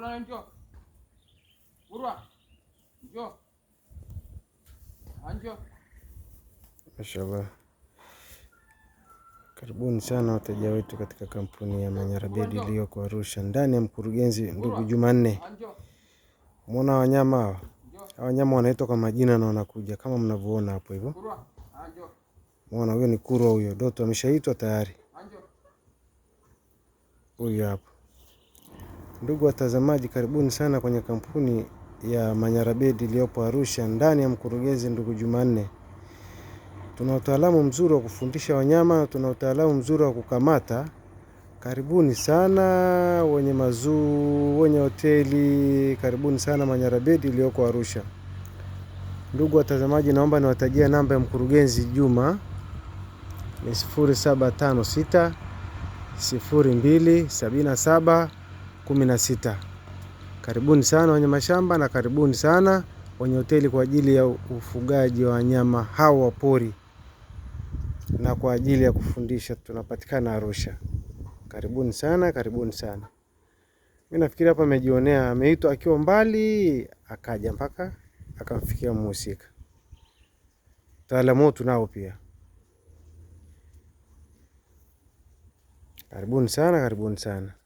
nayo Urwa. Anjo. Ah, Mashallah. Karibuni sana wateja wetu katika kampuni ya Manyara Bedi iliyoko Arusha, ndani ya mkurugenzi ndugu Jumanne. Ah, Mwona wanyama hawa, wanyama wanaitwa kwa majina na wanakuja kama mnavyoona hapo hivyo. Ah, Mwona huyo ni kurwa, huyo Doto ameshaitwa tayari, huyo hapo. Ndugu watazamaji, karibuni sana kwenye kampuni ya Manyarabedi iliyopo Arusha ndani ya mkurugenzi ndugu Jumanne. Tuna utaalamu mzuri wa kufundisha wanyama na tuna utaalamu mzuri wa kukamata. Karibuni sana wenye mazuu, wenye hoteli, karibuni sana Manyarabedi iliyoko Arusha. Ndugu watazamaji, naomba niwatajia namba ya mkurugenzi Juma ni 0756 0277 sita. Karibuni sana wenye mashamba na karibuni sana wenye hoteli kwa ajili ya ufugaji wa wanyama hao wa pori na kwa ajili ya kufundisha. Tunapatikana Arusha. Karibuni sana, karibuni sana. mi nafikiri hapa amejionea, ameitwa akiwa mbali akaja mpaka akamfikia mhusika. Wataalamu wetu nao pia karibuni sana, karibuni sana.